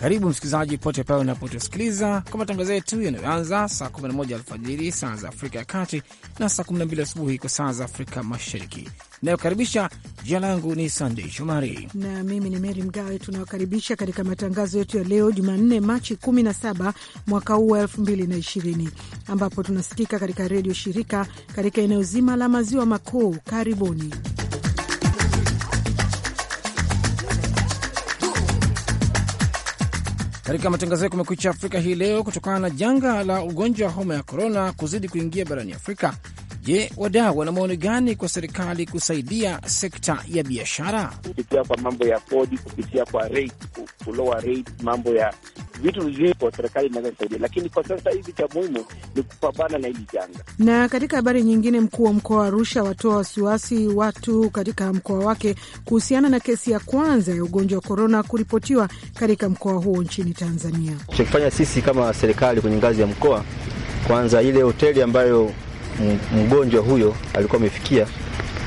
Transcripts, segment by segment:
Karibu msikilizaji pote pale unapotusikiliza kwa matangazo yetu yanayoanza saa 11 alfajiri saa za Afrika ya Kati na saa 12 asubuhi kwa saa za Afrika Mashariki inayokaribisha. Jina langu ni Sandei Shomari na mimi ni Meri Mgawe. Tunawakaribisha katika matangazo yetu ya leo Jumanne, Machi 17 mwaka huu wa 2020 ambapo tunasikika katika redio shirika katika eneo zima la maziwa makuu. Karibuni. katika matangazo ya Kumekucha Afrika hii leo, kutokana na janga la ugonjwa wa homa ya korona kuzidi kuingia barani Afrika, Je, wadau wana maoni gani kwa serikali kusaidia sekta ya biashara kupitia kwa mambo ya kodi, kupitia kwa rate, kulowa rate, mambo ya vitu vizuri kwa serikali inaweza lakini kwa sasa hivi cha muhimu ni kupambana na hili janga. Na katika habari nyingine, mkuu wa mkoa wa Arusha watoa wasiwasi watu katika mkoa wake kuhusiana na kesi ya kwanza ya ugonjwa wa korona kuripotiwa katika mkoa huo nchini Tanzania. Chakifanya sisi kama serikali kwenye ngazi ya mkoa, kwanza ile hoteli ambayo mgonjwa huyo alikuwa amefikia,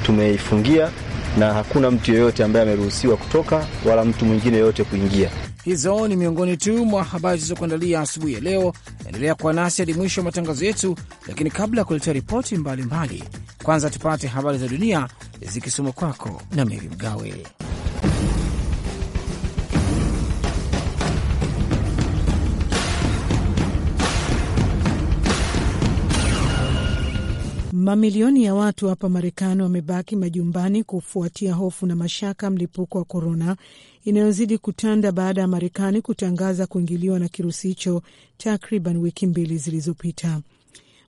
tumeifungia na hakuna mtu yeyote ambaye ameruhusiwa kutoka wala mtu mwingine yoyote kuingia. Hizo ni miongoni tu mwa habari zilizokuandalia asubuhi ya leo. Endelea kuwa nasi hadi mwisho wa matangazo yetu, lakini kabla ya kuletea ripoti mbalimbali, kwanza tupate habari za dunia zikisoma kwako na Meri Mgawe. Mamilioni ya watu hapa Marekani wamebaki majumbani kufuatia hofu na mashaka mlipuko wa korona inayozidi kutanda baada ya Marekani kutangaza kuingiliwa na kirusi hicho takriban wiki mbili zilizopita.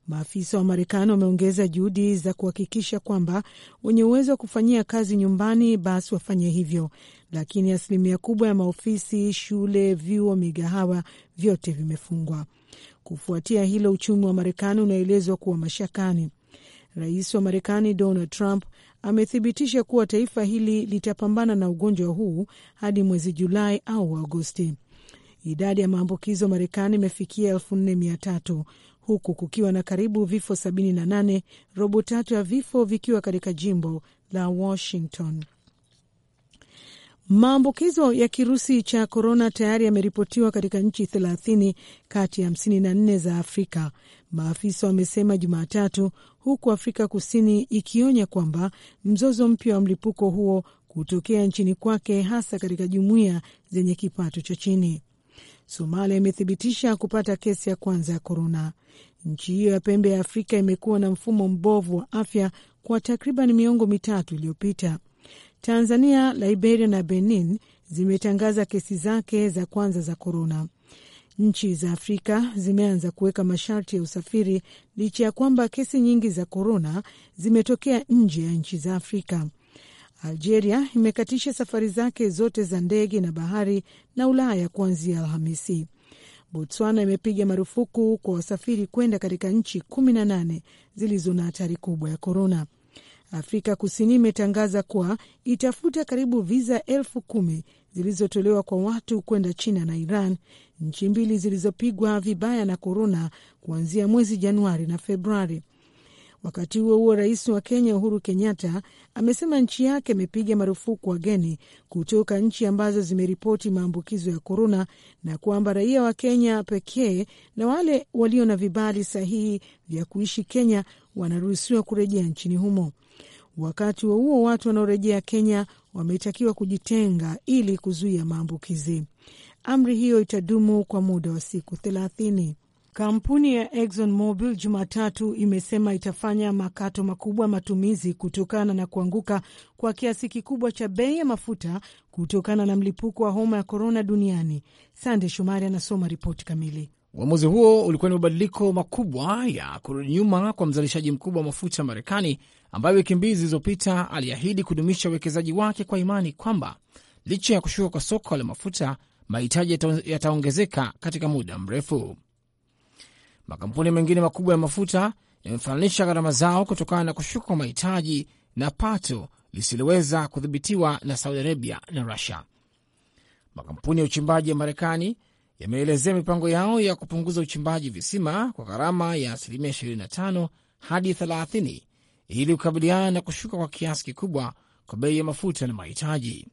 Maafisa wa Marekani wameongeza juhudi za kuhakikisha kwamba wenye uwezo wa kufanyia kazi nyumbani basi wafanye hivyo, lakini asilimia kubwa ya maofisi, shule, vyuo, migahawa, vyote vimefungwa. Kufuatia hilo, uchumi wa Marekani unaelezwa kuwa mashakani. Rais wa Marekani Donald Trump amethibitisha kuwa taifa hili litapambana na ugonjwa huu hadi mwezi Julai au Agosti. Idadi ya maambukizo Marekani imefikia elfu nne mia tatu huku kukiwa na karibu vifo 78, robo tatu ya vifo vikiwa katika jimbo la Washington. Maambukizo ya kirusi cha korona tayari yameripotiwa katika nchi thelathini kati ya hamsini na nne za Afrika, maafisa wamesema Jumatatu, huku Afrika Kusini ikionya kwamba mzozo mpya wa mlipuko huo kutokea nchini kwake, hasa katika jumuiya zenye kipato cha chini. Somalia imethibitisha kupata kesi ya kwanza ya korona. Nchi hiyo ya pembe ya Afrika imekuwa na mfumo mbovu wa afya kwa takriban miongo mitatu iliyopita. Tanzania, Liberia na Benin zimetangaza kesi zake za kwanza za korona. Nchi za Afrika zimeanza kuweka masharti ya usafiri licha ya kwamba kesi nyingi za korona zimetokea nje ya nchi za Afrika. Algeria imekatisha safari zake zote za ndege na bahari na Ulaya kuanzia Alhamisi. Botswana imepiga marufuku kwa wasafiri kwenda katika nchi kumi na nane zilizo na hatari kubwa ya korona. Afrika Kusini imetangaza kuwa itafuta karibu viza elfu kumi zilizotolewa kwa watu kwenda China na Iran, nchi mbili zilizopigwa vibaya na korona kuanzia mwezi Januari na Februari. Wakati huo huo, rais wa Kenya Uhuru Kenyatta amesema nchi yake imepiga marufuku wageni kutoka nchi ambazo zimeripoti maambukizo ya korona na kwamba raia wa Kenya pekee na wale walio na vibali sahihi vya kuishi Kenya wanaruhusiwa kurejea nchini humo. Wakati wa huo watu wanaorejea Kenya wametakiwa kujitenga ili kuzuia maambukizi. Amri hiyo itadumu kwa muda wa siku thelathini. Kampuni ya Exxon Mobil Jumatatu imesema itafanya makato makubwa matumizi kutokana na kuanguka kwa kiasi kikubwa cha bei ya mafuta kutokana na mlipuko wa homa ya korona duniani. Sande Shomari anasoma ripoti kamili. Uamuzi huo ulikuwa ni mabadiliko makubwa ya kurudi nyuma kwa mzalishaji mkubwa wa mafuta Marekani ambaye wiki mbili zilizopita aliahidi kudumisha uwekezaji wake kwa imani kwamba licha ya kushuka kwa soko la mafuta mahitaji yataongezeka katika muda mrefu. Makampuni mengine makubwa ya mafuta yamefananisha gharama zao kutokana na kushuka kwa mahitaji na pato lisiloweza kudhibitiwa na Saudi Arabia na Rusia. Makampuni ya uchimbaji ya Marekani yameelezea mipango yao ya kupunguza uchimbaji visima kwa gharama ya asilimia 25 hadi ili kukabiliana na kushuka kwa kiasi kikubwa kwa bei ya mafuta na mahitaji.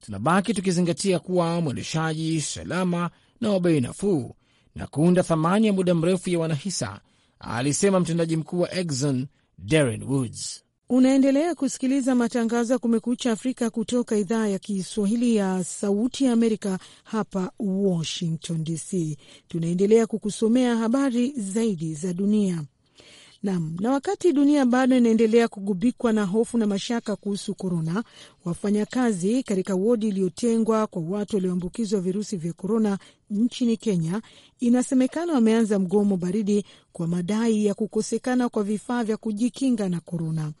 Tunabaki tukizingatia kuwa mwendeshaji salama na wa bei nafuu na kuunda thamani ya muda mrefu ya wanahisa, alisema mtendaji mkuu wa Exxon Darren Woods. Unaendelea kusikiliza matangazo ya Kumekucha Afrika kutoka idhaa ya Kiswahili ya Sauti ya Amerika, hapa Washington DC. Tunaendelea kukusomea habari zaidi za dunia. Nam. Na wakati dunia bado inaendelea kugubikwa na hofu na mashaka kuhusu korona, wafanyakazi katika wodi iliyotengwa kwa watu walioambukizwa virusi vya korona nchini Kenya inasemekana wameanza mgomo baridi kwa madai ya kukosekana kwa vifaa vya kujikinga na korona.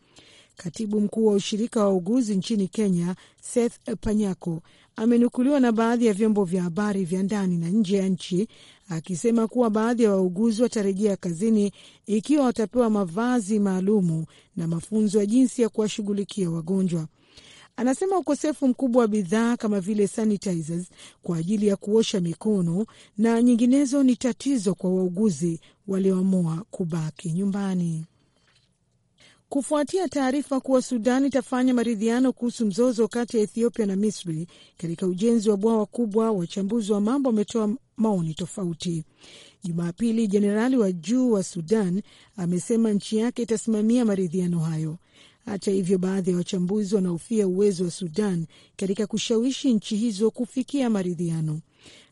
Katibu mkuu wa ushirika wa wauguzi nchini Kenya, Seth Panyako, amenukuliwa na baadhi ya vyombo vya habari vya ndani na nje ya nchi akisema kuwa baadhi ya wa wauguzi watarejea kazini ikiwa watapewa mavazi maalumu na mafunzo ya jinsi ya kuwashughulikia wagonjwa. Anasema ukosefu mkubwa wa bidhaa kama vile sanitizers kwa ajili ya kuosha mikono na nyinginezo ni tatizo kwa wauguzi walioamua kubaki nyumbani kufuatia taarifa kuwa Sudan itafanya maridhiano kuhusu mzozo kati ya Ethiopia na Misri katika ujenzi wa bwawa kubwa. Wachambuzi wa mambo wametoa maoni tofauti. Jumapili, jenerali wa juu wa Sudan amesema nchi yake itasimamia maridhiano hayo. Hata hivyo, baadhi ya wachambuzi wanahofia uwezo wa Sudan katika kushawishi nchi hizo kufikia maridhiano.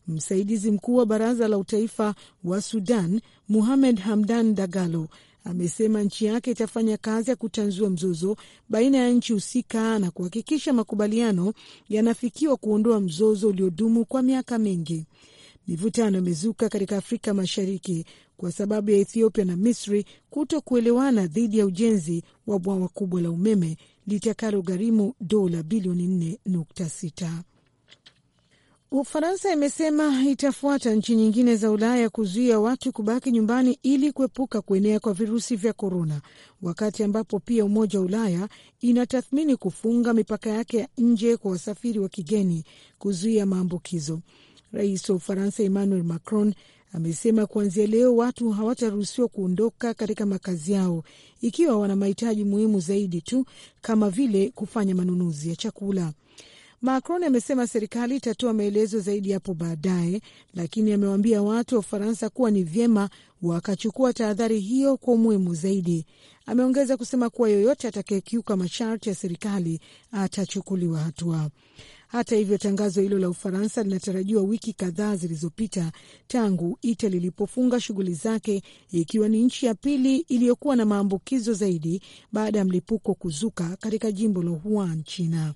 Msaidizi mkuu wa baraza la utaifa wa Sudan, Muhamed Hamdan Dagalo, amesema nchi yake itafanya kazi ya kutanzua mzozo baina ya nchi husika na kuhakikisha makubaliano yanafikiwa kuondoa mzozo uliodumu kwa miaka mingi. Mivutano imezuka katika Afrika Mashariki kwa sababu ya Ethiopia na Misri kuto kuelewana dhidi ya ujenzi wa bwawa kubwa la umeme litakalo gharimu dola bilioni 4.6. Ufaransa imesema itafuata nchi nyingine za Ulaya kuzuia watu kubaki nyumbani ili kuepuka kuenea kwa virusi vya korona, wakati ambapo pia Umoja wa Ulaya inatathmini kufunga mipaka yake ya nje kwa wasafiri wa kigeni kuzuia maambukizo. Rais wa Ufaransa Emmanuel Macron amesema kuanzia leo watu hawataruhusiwa kuondoka katika makazi yao ikiwa wana mahitaji muhimu zaidi tu kama vile kufanya manunuzi ya chakula. Macron amesema serikali itatoa maelezo zaidi hapo baadaye, lakini amewaambia watu wa Ufaransa kuwa ni vyema wakachukua tahadhari hiyo kwa umuhimu zaidi. Ameongeza kusema kuwa yoyote atakayekiuka masharti ya serikali atachukuliwa hatua. Hata hivyo, tangazo hilo la Ufaransa linatarajiwa wiki kadhaa zilizopita tangu Itali ilipofunga shughuli zake, ikiwa ni nchi ya pili iliyokuwa na maambukizo zaidi baada ya mlipuko kuzuka katika jimbo la Wuhan, China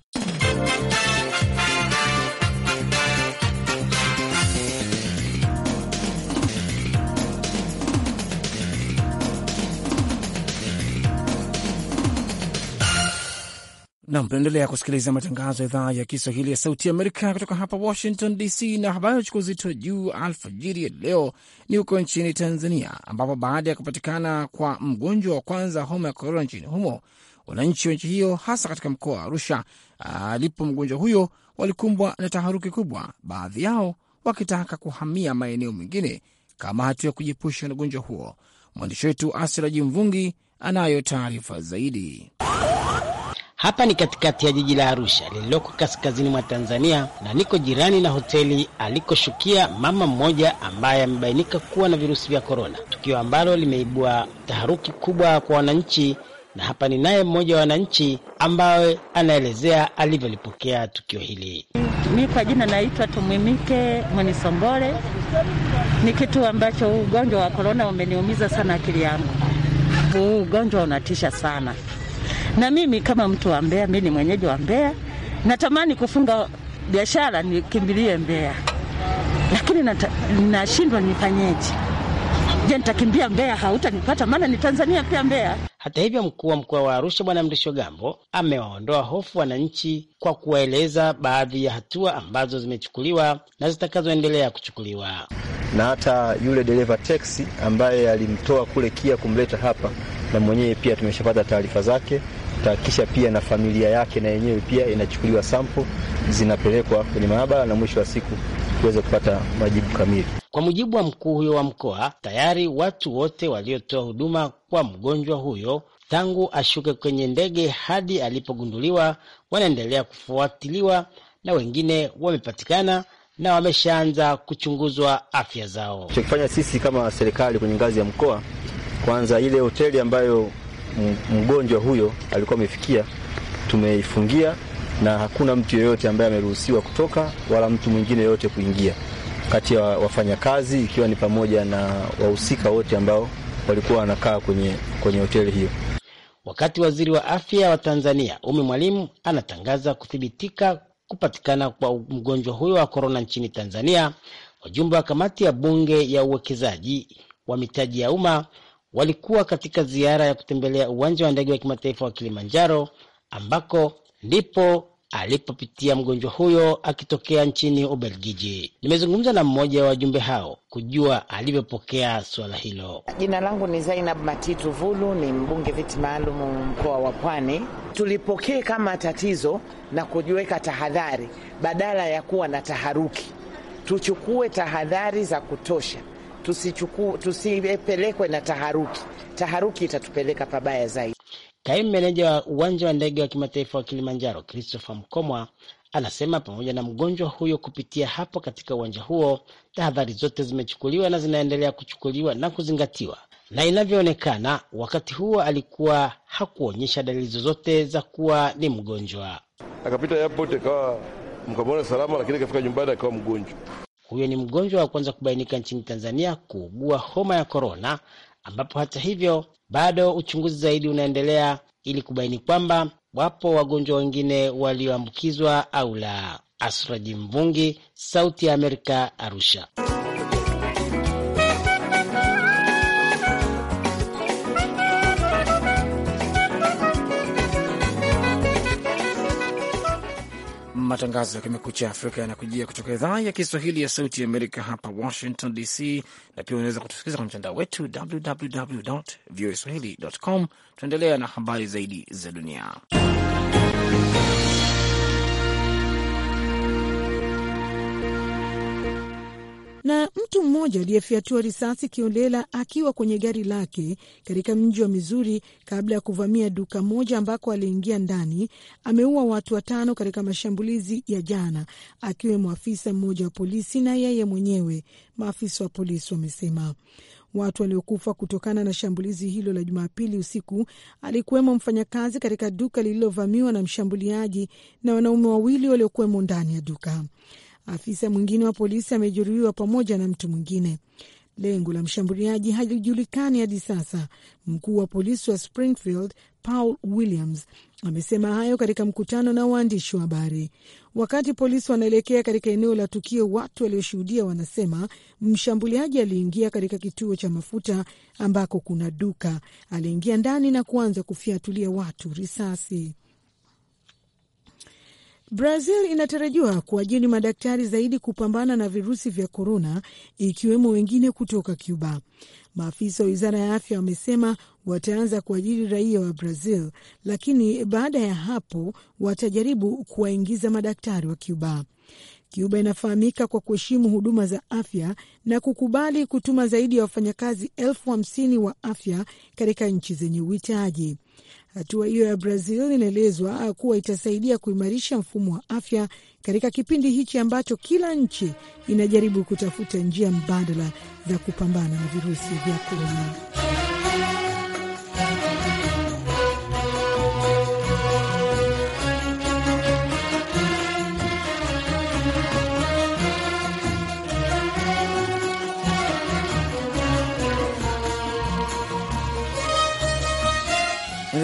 na mnaendelea kusikiliza matangazo ya idhaa ya Kiswahili ya Sauti Amerika kutoka hapa Washington DC. Na habari uchukua uzito juu alfajiri ya leo ni huko nchini Tanzania, ambapo baada ya kupatikana kwa mgonjwa wa kwanza homa ya korona nchini humo, Wananchi wa nchi hiyo, hasa katika mkoa wa Arusha alipo mgonjwa huyo, walikumbwa na taharuki kubwa, baadhi yao wakitaka kuhamia maeneo mengine kama hatua ya kujiepusha na ugonjwa huo. Mwandishi wetu Asiraji Jimvungi anayo taarifa zaidi. Hapa ni katikati ya jiji la Arusha lililoko kaskazini mwa Tanzania, na niko jirani na hoteli alikoshukia mama mmoja ambaye amebainika kuwa na virusi vya korona, tukio ambalo limeibua taharuki kubwa kwa wananchi na hapa ni naye mmoja wa wananchi ambaye anaelezea alivyolipokea tukio hili. Mi kwa jina naitwa Tumwimike Mwenisombole. Ni kitu ambacho huu ugonjwa wa korona umeniumiza sana akili yangu. Huu ugonjwa unatisha sana, na mimi kama mtu wa Mbeya, mi ni mwenyeji wa Mbeya, natamani kufunga biashara nikimbilie Mbeya, lakini nashindwa nifanyeje? Je, nitakimbia Mbeya? Hautanipata maana ni Tanzania pia Mbeya. Hata hivyo, mkuu wa mkoa wa Arusha Bwana gambo amewaondoa hofu wananchi kwa kuwaeleza baadhi ya hatua ambazo zimechukuliwa na zitakazoendelea kuchukuliwa. Na hata yule dereva teksi ambaye alimtoa kule KIA kumleta hapa, na mwenyewe pia tumeshapata taarifa zake tahakikisha pia na familia yake na yenyewe pia inachukuliwa sampo zinapelekwa kwenye maabara na mwisho wa siku kuweza kupata majibu kamili. Kwa mujibu wa mkuu huyo wa mkoa, tayari watu wote waliotoa huduma kwa mgonjwa huyo tangu ashuke kwenye ndege hadi alipogunduliwa wanaendelea kufuatiliwa na wengine wamepatikana na wameshaanza kuchunguzwa afya zao. Tunachokifanya sisi kama serikali kwenye ngazi ya mkoa, kwanza ile hoteli ambayo mgonjwa huyo alikuwa amefikia, tumeifungia na hakuna mtu yeyote ambaye ameruhusiwa kutoka wala mtu mwingine yeyote kuingia kati ya wafanyakazi, ikiwa ni pamoja na wahusika wote ambao walikuwa wanakaa kwenye, kwenye hoteli hiyo. Wakati waziri wa afya wa Tanzania Umi Mwalimu anatangaza kuthibitika kupatikana kwa mgonjwa huyo wa korona nchini Tanzania, wajumbe wa kamati ya bunge ya uwekezaji wa mitaji ya umma walikuwa katika ziara ya kutembelea uwanja wa ndege wa kimataifa wa Kilimanjaro ambako ndipo alipopitia mgonjwa huyo akitokea nchini Ubelgiji. Nimezungumza na mmoja wa wajumbe hao kujua alivyopokea suala hilo. Jina langu ni Zainab Matitu Vulu, ni mbunge viti maalum mkoa wa Pwani. Tulipokee kama tatizo na kujiweka tahadhari, badala ya kuwa na taharuki. Tuchukue tahadhari za kutosha tusipelekwe na taharuki. Taharuki itatupeleka pabaya zaidi. Kaimu meneja wa uwanja wa ndege wa kimataifa wa Kilimanjaro Christopher Mkomwa anasema pamoja na mgonjwa huyo kupitia hapo katika uwanja huo, tahadhari zote zimechukuliwa na zinaendelea kuchukuliwa na kuzingatiwa, na inavyoonekana wakati huo alikuwa hakuonyesha dalili zozote za kuwa ni mgonjwa. Akapita airport akawa mkamwona salama, lakini akafika nyumbani akawa mgonjwa. Huyo ni mgonjwa wa kwanza kubainika nchini Tanzania kuugua homa ya korona, ambapo hata hivyo bado uchunguzi zaidi unaendelea ili kubaini kwamba wapo wagonjwa wengine walioambukizwa au la. Asraji Mvungi, Sauti ya Amerika, Arusha. Matangazo ya Kumekucha Afrika yanakujia kutoka idhaa ya Kiswahili ya Sauti Amerika hapa Washington DC, na pia unaweza kutusikiliza kwenye mtandao wetu www swahilicom Tunaendelea na habari zaidi za dunia. na mtu mmoja aliyefyatua risasi kiolela akiwa kwenye gari lake katika mji wa Mizuri kabla ya kuvamia duka moja ambako aliingia ndani, ameua watu watano katika mashambulizi ya jana, akiwemo afisa mmoja wa polisi na yeye mwenyewe, maafisa wa polisi wamesema. Watu waliokufa kutokana na shambulizi hilo la Jumapili usiku alikuwemo mfanyakazi katika duka lililovamiwa na mshambuliaji na wanaume wawili waliokuwemo ndani ya duka. Afisa mwingine wa polisi amejeruhiwa pamoja na mtu mwingine. Lengo la mshambuliaji halijulikani hadi sasa. Mkuu wa polisi wa Springfield Paul Williams amesema hayo katika mkutano na waandishi wa habari. Wakati polisi wanaelekea katika eneo la tukio, watu walioshuhudia wanasema mshambuliaji aliingia katika kituo cha mafuta ambako kuna duka, aliingia ndani na kuanza kufyatulia watu risasi. Brazil inatarajiwa kuajiri madaktari zaidi kupambana na virusi vya korona, ikiwemo wengine kutoka Cuba. Maafisa wa wizara ya afya wamesema wataanza kuajiri raia wa Brazil, lakini baada ya hapo watajaribu kuwaingiza madaktari wa Cuba. Cuba inafahamika kwa kuheshimu huduma za afya na kukubali kutuma zaidi ya wafanyakazi elfu hamsini wa afya katika nchi zenye uhitaji. Hatua hiyo ya Brazil inaelezwa kuwa itasaidia kuimarisha mfumo wa afya katika kipindi hichi ambacho kila nchi inajaribu kutafuta njia mbadala za kupambana na virusi vya korona.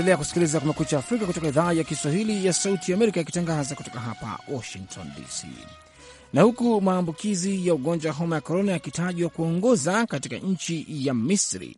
Unaendelea kusikiliza Kumekucha Afrika kutoka idhaa ya Kiswahili ya Sauti ya Amerika, ikitangaza kutoka hapa Washington DC. Na huku maambukizi ya ugonjwa wa homa ya korona yakitajwa kuongoza katika nchi ya Misri,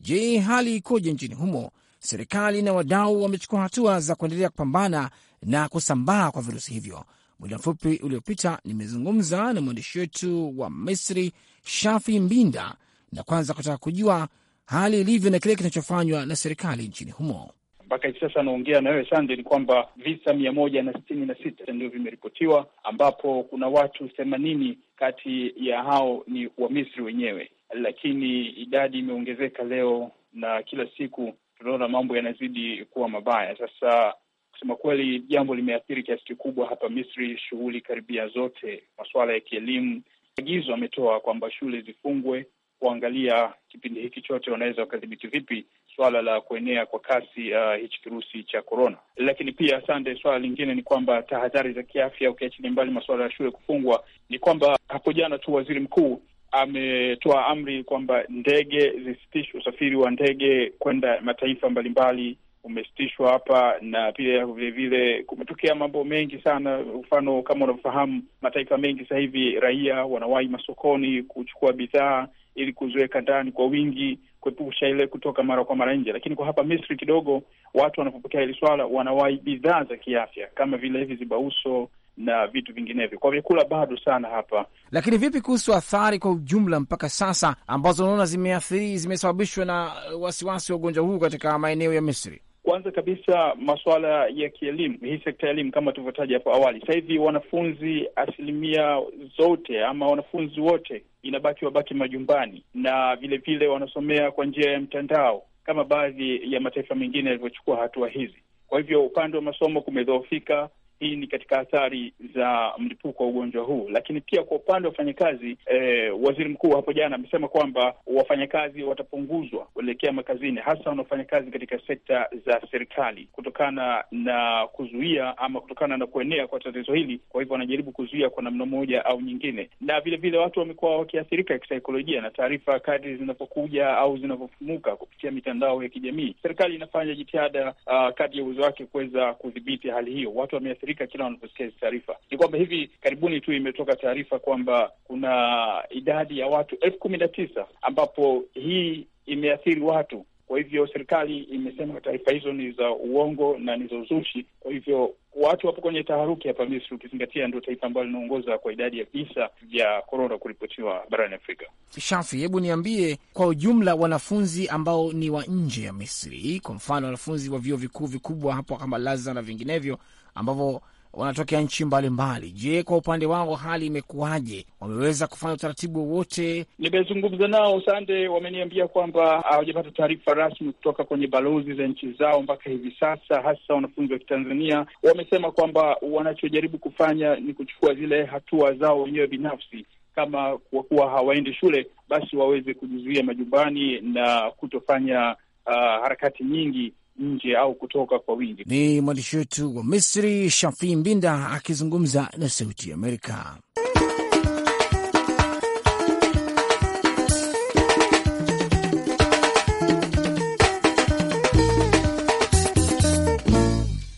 je, hali ikoje nchini humo? Serikali na wadau wamechukua hatua za kuendelea kupambana na kusambaa kwa virusi hivyo. Muda mfupi uliopita nimezungumza na mwandishi wetu wa Misri, Shafi Mbinda, na kwanza kutaka kujua hali ilivyo na kile kinachofanywa na serikali nchini humo mpaka hivi sasa anaongea na wewe Sande, ni kwamba visa mia moja na sitini na sita ndio vimeripotiwa, ambapo kuna watu themanini kati ya hao ni Wamisri wenyewe, lakini idadi imeongezeka leo na kila siku tunaona mambo yanazidi kuwa mabaya. Sasa kusema kweli, jambo limeathiri kiasi kikubwa hapa Misri shughuli karibia zote, masuala ya kielimu. Agizo ametoa kwamba shule zifungwe, kuangalia kipindi hiki chote wanaweza wakadhibiti vipi swala la kuenea kwa kasi uh, hichi kirusi cha korona. Lakini pia asante, swala lingine ni kwamba tahadhari za kiafya, ukiachilia mbali masuala ya shule kufungwa, ni kwamba hapo jana tu waziri mkuu ametoa amri kwamba ndege zisitishwe, usafiri wa ndege kwenda mataifa mbalimbali umesitishwa hapa, na pia vilevile kumetokea mambo mengi sana. Mfano, kama unavyofahamu, mataifa mengi sasa hivi raia wanawahi masokoni kuchukua bidhaa ili kuziweka ndani kwa wingi kuepusha ile kutoka mara kwa mara nje. Lakini kwa hapa Misri kidogo watu wanapopokea hili swala wanawahi bidhaa za kiafya kama vile hivi zibauso na vitu vinginevyo, kwa vyakula bado sana hapa. Lakini vipi kuhusu athari kwa ujumla mpaka sasa ambazo unaona zimeathiri, zimesababishwa na wasiwasi wa ugonjwa huu katika maeneo ya Misri? Kwanza kabisa masuala ya kielimu, hii sekta ya elimu kama tulivyotaja hapo awali, sasa hivi wanafunzi asilimia zote ama wanafunzi wote inabaki wabaki majumbani na vilevile wanasomea kwa njia ya mtandao kama baadhi ya mataifa mengine yalivyochukua hatua hizi. Kwa hivyo upande wa masomo kumedhoofika, hii ni katika athari za mlipuko wa ugonjwa huu. Lakini pia kwa upande wa wafanyakazi eh, waziri mkuu hapo jana amesema kwamba wafanyakazi watapunguzwa kuelekea makazini, hasa wanaofanya kazi katika sekta za serikali kutokana na kuzuia ama kutokana na kuenea kwa tatizo hili. Kwa hivyo wanajaribu kuzuia kwa namna moja au nyingine, na vilevile vile watu wamekuwa wakiathirika kisaikolojia na taarifa kadri zinapokuja au zinavyofumuka kupitia mitandao ya kijamii. Serikali inafanya jitihada uh, kadri ya uwezo wake kuweza kudhibiti hali hiyo. Watu wameathirika wanaathirika kila wanaposikia hizi taarifa. Ni kwamba hivi karibuni tu imetoka taarifa kwamba kuna idadi ya watu elfu kumi na tisa ambapo hii imeathiri watu. Kwa hivyo serikali imesema taarifa hizo ni za uongo na ni za uzushi. Kwa hivyo watu wapo kwenye taharuki hapa Misri, ukizingatia ndio taifa ambalo linaongoza kwa idadi ya visa vya korona kuripotiwa barani Afrika. Shafi, hebu niambie kwa ujumla, wanafunzi ambao ni wa nje ya Misri, kwa mfano wanafunzi wa vyuo vikuu vikubwa hapo kama Laza na vinginevyo, ambavyo wanatokea nchi mbalimbali. Je, kwa upande wao hali imekuwaje? Wameweza kufanya utaratibu wowote? Nimezungumza nao Sande, wameniambia kwamba hawajapata taarifa rasmi kutoka kwenye balozi za nchi zao mpaka hivi sasa, hasa wanafunzi wa Kitanzania. Wamesema kwamba wanachojaribu kufanya ni kuchukua zile hatua zao wenyewe binafsi kama kwa kuwa hawaendi shule basi waweze kujizuia majumbani na kutofanya uh, harakati nyingi nje au kutoka kwa wingi. Ni mwandishi wetu wa Misri shafi Mbinda akizungumza na Sauti ya Amerika.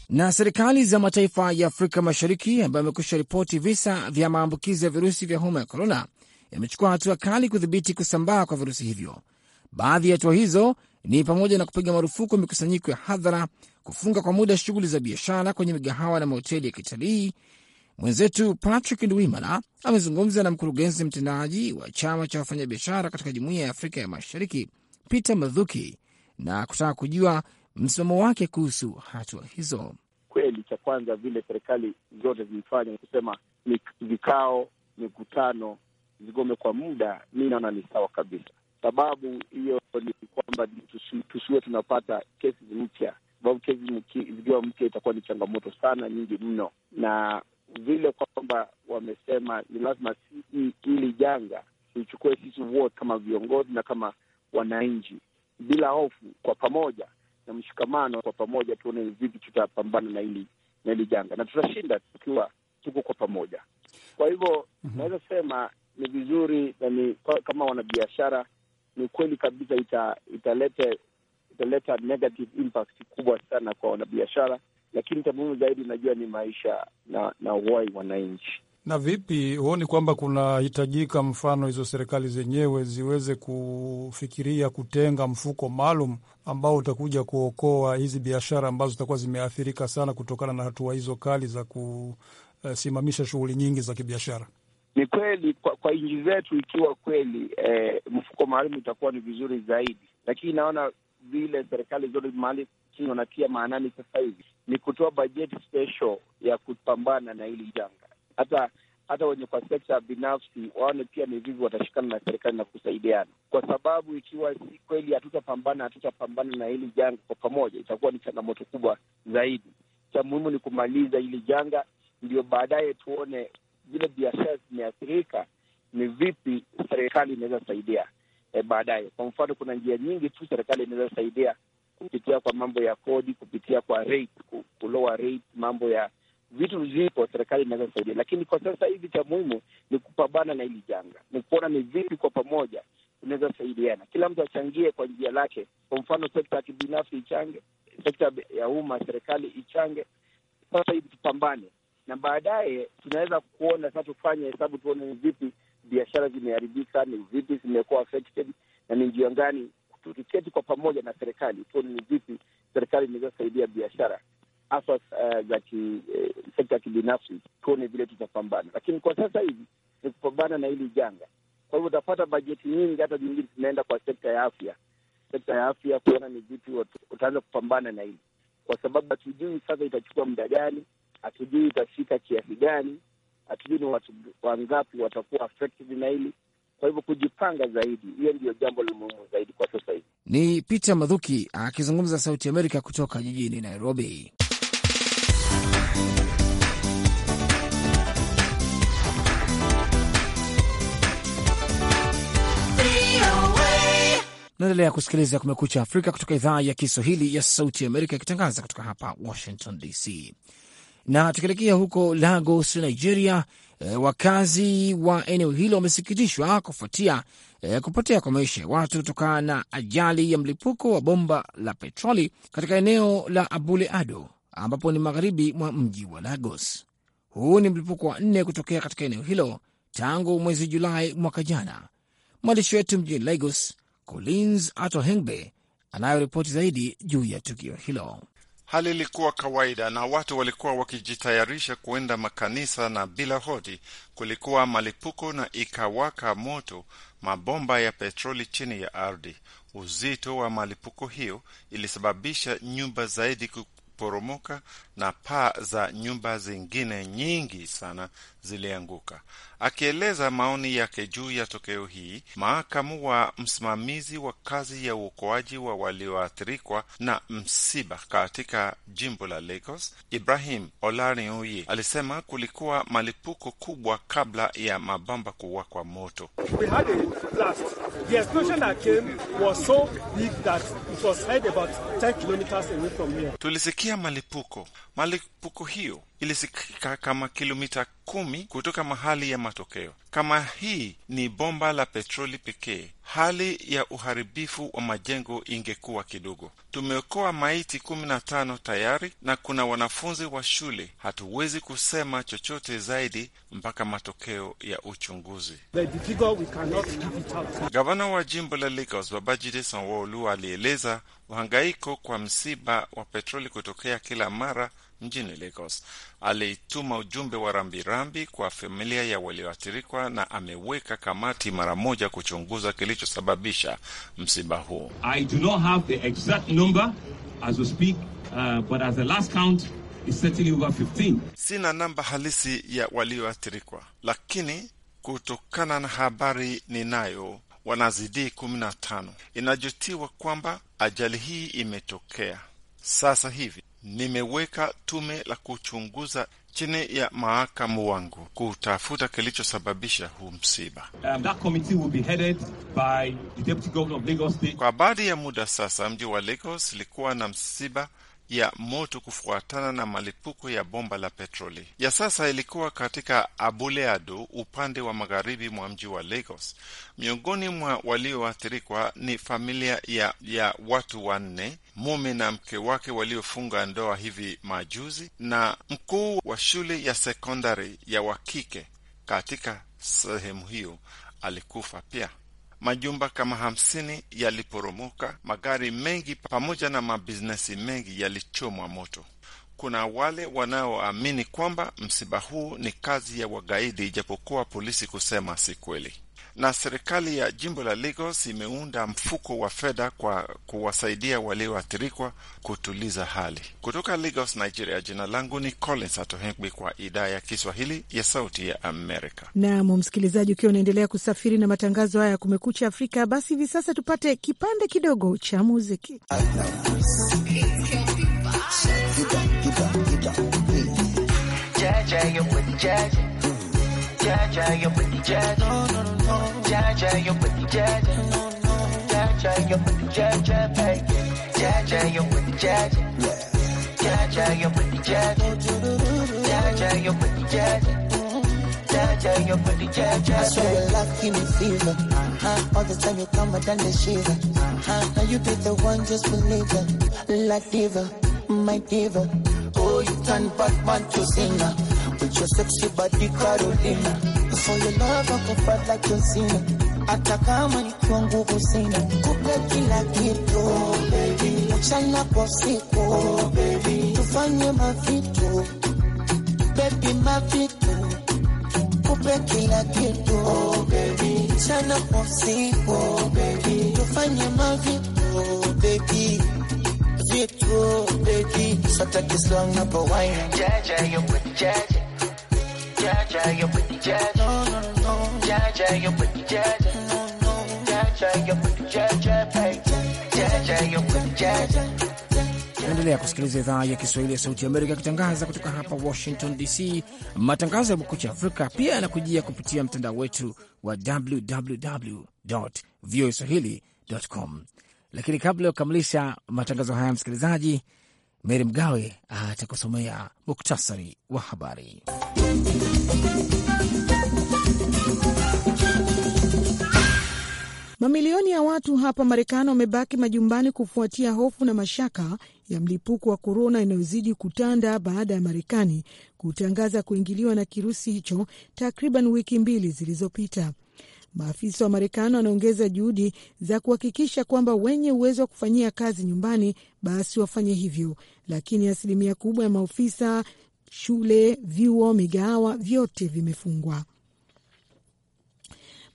Na serikali za mataifa ya Afrika Mashariki ambayo amekwisha ripoti visa vya maambukizi ya virusi vya homa ya korona yamechukua hatua kali kudhibiti kusambaa kwa virusi hivyo. Baadhi ya hatua hizo ni pamoja na kupiga marufuku mikusanyiko ya hadhara, kufunga kwa muda shughuli za biashara kwenye migahawa na mahoteli ya kitalii. Mwenzetu Patrick Ndwimana amezungumza na mkurugenzi mtendaji wa chama cha wafanyabiashara katika jumuiya ya Afrika ya Mashariki, Peter Madhuki, na kutaka kujua msimamo wake kuhusu hatua hizo. Kweli, cha kwanza vile serikali zote zimefanya ni kusema vikao, mikutano zigome kwa muda, mi naona ni sawa kabisa, Sababu hiyo ni kwamba tusiwe tunapata kesi mpya, sababu kesi zikiwa mpya itakuwa ni changamoto sana nyingi mno, na vile kwamba wamesema ni lazima sisi hili janga tuichukue sisi wote kama viongozi na kama wananchi, bila hofu, kwa pamoja na mshikamano, kwa pamoja tuone vipi tutapambana na hili na hili janga, na tutashinda tukiwa tuko kwa pamoja. Kwa hivyo mm -hmm. naweza sema ni vizuri na ni kama wanabiashara ni kweli kabisa ita, italeta italeta negative impact kubwa sana kwa wanabiashara, lakini muhimu zaidi najua ni maisha na na uhai wananchi. Na vipi, huoni kwamba kunahitajika mfano hizo serikali zenyewe ziweze kufikiria kutenga mfuko maalum ambao utakuja kuokoa hizi biashara ambazo zitakuwa zimeathirika sana kutokana na hatua hizo kali za kusimamisha eh, shughuli nyingi za kibiashara? kweli kwa, kwa nchi zetu, ikiwa kweli eh, mfuko maalum itakuwa ni vizuri zaidi, lakini naona vile serikali zote mahali chini wanatia maanani sasa hivi ni kutoa bajeti special ya kupambana na hili janga. Hata hata wenye kwa sekta binafsi waone pia ni vivi watashikana na serikali na kusaidiana, kwa sababu ikiwa si kweli hatutapambana hatutapambana na hili janga kwa pamoja, itakuwa ni changamoto kubwa zaidi. Cha muhimu ni kumaliza hili janga, ndio baadaye tuone zile biashara zimeathirika, ni vipi serikali inaweza saidia e, baadaye. Kwa mfano, kuna njia nyingi tu serikali inaweza saidia kupitia kwa mambo ya kodi, kupitia kwa rate, kulower rate, mambo ya vitu zipo, serikali inaweza saidia, lakini kwa sasa hivi cha muhimu ni kupambana na hili janga, ni kuona ni vipi kwa pamoja tunaweza saidiana, kila mtu achangie kwa njia lake. Kwa mfano, sekta ya kibinafsi ichange, sekta ya umma, serikali ichange. Sasa hivi tupambane na baadaye tunaweza kuona sasa, tufanye hesabu tuone ni vipi biashara zimeharibika, ni vipi zimekuwa affected na ni njia gani, tukiketi kwa pamoja na serikali tuone ni vipi serikali inaweza saidia biashara hasa uh, za ki, eh, sekta ya kibinafsi, tuone vile tutapambana, lakini kwa sasa hivi ni kupambana na hili janga. Kwa hivyo utapata bajeti nyingi hata zingine zinaenda kwa sekta ya afya, sekta ya afya kuona ni vipi utaanza kupambana na hili, kwa sababu hatujui sasa itachukua muda gani hatujui itafika kiasi gani, hatujui ni watu wangapi watakuwa affected na hili. Kwa hivyo kujipanga zaidi, hiyo ndiyo jambo la muhimu zaidi kwa sasa hivi. Ni Peter Madhuki akizungumza Sauti Amerika kutoka jijini Nairobi. Naendelea kusikiliza Kumekucha Afrika kutoka idhaa ya Kiswahili ya Sauti Amerika ikitangaza kutoka hapa Washington DC. Na tukielekea huko Lagos, Nigeria, e, wakazi wa eneo hilo wamesikitishwa kufuatia e, kupotea kwa maisha ya watu kutokana na ajali ya mlipuko wa bomba la petroli katika eneo la Abule Ado ambapo ni magharibi mwa mji wa Lagos. Huu ni mlipuko wa nne kutokea katika eneo hilo tangu mwezi Julai mwaka jana. Mwandishi wetu mjini Lagos, Collins Ato Hengbe, anayo ripoti zaidi juu ya tukio hilo. Hali ilikuwa kawaida na watu walikuwa wakijitayarisha kuenda makanisa, na bila hodi kulikuwa malipuko na ikawaka moto, mabomba ya petroli chini ya ardhi. Uzito wa malipuko hiyo ilisababisha nyumba zaidi kuporomoka na paa za nyumba zingine nyingi sana zilianguka. Akieleza maoni yake juu ya tokeo hii, makamu wa msimamizi wa kazi ya uokoaji wa walioathirikwa na msiba katika jimbo la Lagos, Ibrahim Olaniuyi, alisema kulikuwa malipuko kubwa kabla ya mabamba kuwakwa moto. Tulisikia malipuko. Malipuko hiyo ilisikika kama kilomita kumi kutoka mahali ya matokeo. Kama hii ni bomba la petroli pekee, hali ya uharibifu wa majengo ingekuwa kidogo. Tumeokoa maiti kumi na tano tayari na kuna wanafunzi wa shule. Hatuwezi kusema chochote zaidi mpaka matokeo ya uchunguzi. Gavana wa jimbo la Lagos Babajide Sanwo-Olu alieleza uhangaiko kwa msiba wa petroli kutokea kila mara mjini Lagos. Alituma ujumbe wa rambirambi kwa familia ya walioathirikwa na ameweka kamati mara moja kuchunguza kilichosababisha msiba huu. Uh, Sina namba halisi ya walioathirikwa, lakini kutokana na habari ninayo wanazidi 15. Inajutiwa Inajotiwa kwamba ajali hii imetokea sasa hivi nimeweka tume la kuchunguza chini ya mahakamu wangu kutafuta kilichosababisha huu msiba. Um, kwa baadhi ya muda sasa, mji wa Lagos ilikuwa na msiba ya moto kufuatana na malipuko ya bomba la petroli. Ya sasa ilikuwa katika Abuleado upande wa magharibi mwa mji wa Lagos. Miongoni mwa walioathirikwa ni familia ya, ya watu wanne, mume na mke wake waliofunga ndoa hivi majuzi, na mkuu wa shule ya sekondari ya wakike katika sehemu hiyo alikufa pia majumba kama hamsini yaliporomoka, magari mengi pamoja na mabiznesi mengi yalichomwa moto. Kuna wale wanaoamini kwamba msiba huu ni kazi ya wagaidi, ijapokuwa polisi kusema si kweli na serikali ya jimbo la Lagos imeunda mfuko wa fedha kwa kuwasaidia walioathirikwa kutuliza hali. Kutoka Lagos, Nigeria, jina langu ni Collins Atohegwi kwa idhaa ya Kiswahili ya Sauti ya Amerika. Nam msikilizaji, ukiwa unaendelea kusafiri na matangazo haya ya Kumekucha Afrika, basi hivi sasa tupate kipande kidogo cha muziki. jaja, your pretty jaja. Jaja, your pretty jaja. Jaja, your pretty jaja, baby. Jaja, your pretty jaja. Jaja, your pretty jaja. Jaja, your pretty jaja. I swear your love give me fever. Uh-huh. All the time you come, I done the shiver. Uh-huh. Now you be the one, just believe it. La diva, my diva. Oh, you turn bad, man to singer. It's your sexy body Carolina. For your love I can fight like your sinner. Hata kama nikiwa nguvu sina. Kupe kila kitu. Mchana kwa siku. Tufanye mavitu. Baby mavitu. Kupe kila kitu. Mchana kwa siku. Tufanye mavitu. Oh, baby. Vitu, baby. Sata kiswa unapowaina. Jaja, yo, jaja. Naendelea kusikiliza idhaa ya Kiswahili ya Sauti ya Amerika ikitangaza kutoka hapa Washington DC. Matangazo ya Kumekucha Afrika pia yanakujia kupitia mtandao wetu wa www voa swahili.com. Lakini kabla ya kukamilisha matangazo haya, msikilizaji, Meri Mgawe atakusomea muktasari wa habari. Mamilioni ya watu hapa Marekani wamebaki majumbani kufuatia hofu na mashaka ya mlipuko wa korona inayozidi kutanda baada ya Marekani kutangaza kuingiliwa na kirusi hicho takriban wiki mbili zilizopita. Maafisa wa Marekani wanaongeza juhudi za kuhakikisha kwamba wenye uwezo wa kufanyia kazi nyumbani basi wafanye hivyo, lakini asilimia kubwa ya maofisa shule, vyuo, migahawa, vyote vimefungwa.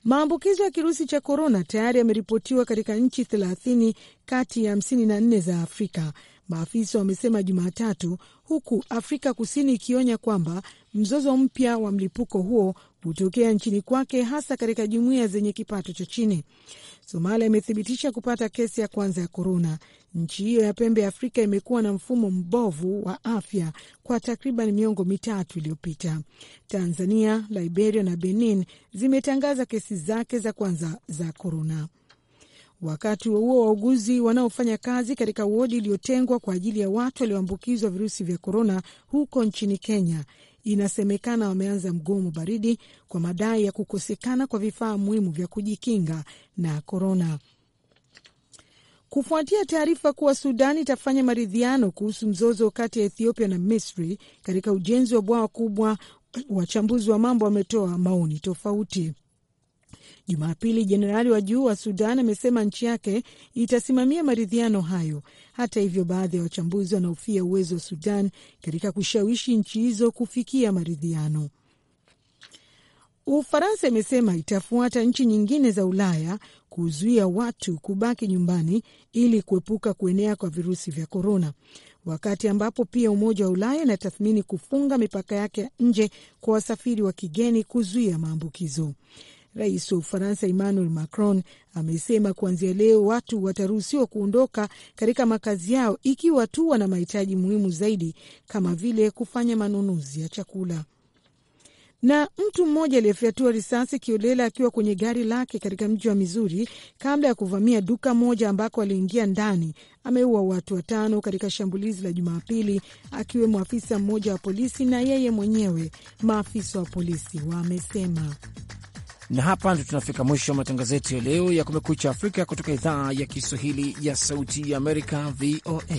Maambukizo ya kirusi cha korona tayari yameripotiwa katika nchi thelathini kati ya hamsini na nne za Afrika, maafisa wamesema Jumatatu, huku Afrika Kusini ikionya kwamba mzozo mpya wa mlipuko huo hutokea nchini kwake, hasa katika jumuiya zenye kipato cha chini. Somalia imethibitisha kupata kesi ya kwanza ya korona. Nchi hiyo ya pembe ya Afrika imekuwa na mfumo mbovu wa afya kwa takriban miongo mitatu iliyopita. Tanzania, Liberia na Benin zimetangaza kesi zake za kwanza za korona. Wakati huo wauguzi wanaofanya kazi katika wodi iliyotengwa kwa ajili ya watu walioambukizwa virusi vya korona huko nchini Kenya inasemekana wameanza mgomo baridi kwa madai ya kukosekana kwa vifaa muhimu vya kujikinga na korona kufuatia taarifa kuwa Sudan itafanya maridhiano kuhusu mzozo kati ya Ethiopia na Misri katika ujenzi wa bwawa kubwa. Wachambuzi wa mambo wametoa maoni tofauti. Jumapili, jenerali wa juu wa Sudan amesema nchi yake itasimamia maridhiano hayo. Hata hivyo, baadhi ya wachambuzi wanahofia uwezo wa Sudan katika kushawishi nchi hizo kufikia maridhiano. Ufaransa imesema itafuata nchi nyingine za Ulaya kuzuia watu kubaki nyumbani ili kuepuka kuenea kwa virusi vya korona, wakati ambapo pia Umoja wa Ulaya inatathmini kufunga mipaka yake ya nje kwa wasafiri wa kigeni kuzuia maambukizo. Rais wa Ufaransa Emmanuel Macron amesema kuanzia leo watu wataruhusiwa kuondoka katika makazi yao ikiwa tu wana mahitaji muhimu zaidi kama vile kufanya manunuzi ya chakula na mtu mmoja aliyefyatua risasi kiolela akiwa kwenye gari lake katika mji wa Mizuri kabla ya kuvamia duka moja ambako aliingia ndani ameua watu watano katika shambulizi la Jumapili, akiwemo afisa mmoja wa polisi na yeye mwenyewe, maafisa wa polisi wamesema. Na hapa ndio tunafika mwisho wa matangazo yetu ya leo ya Kumekucha Afrika kutoka idhaa ya Kiswahili ya Sauti ya Amerika, VOA.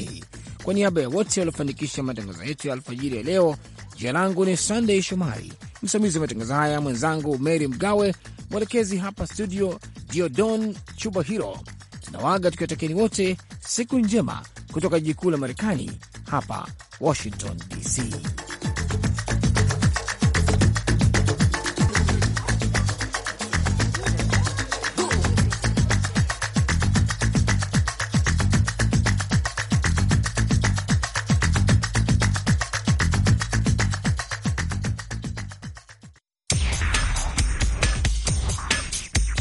Kwa niaba ya wote waliofanikisha matangazo yetu ya alfajiri ya leo Jina langu ni sandey Shomari, msimamizi wa matangazo haya mwenzangu Mary Mgawe, mwelekezi hapa studio Diodon hiro Tunawaga tukiwatakieni wote siku njema kutoka jiji kuu la Marekani, hapa Washington DC.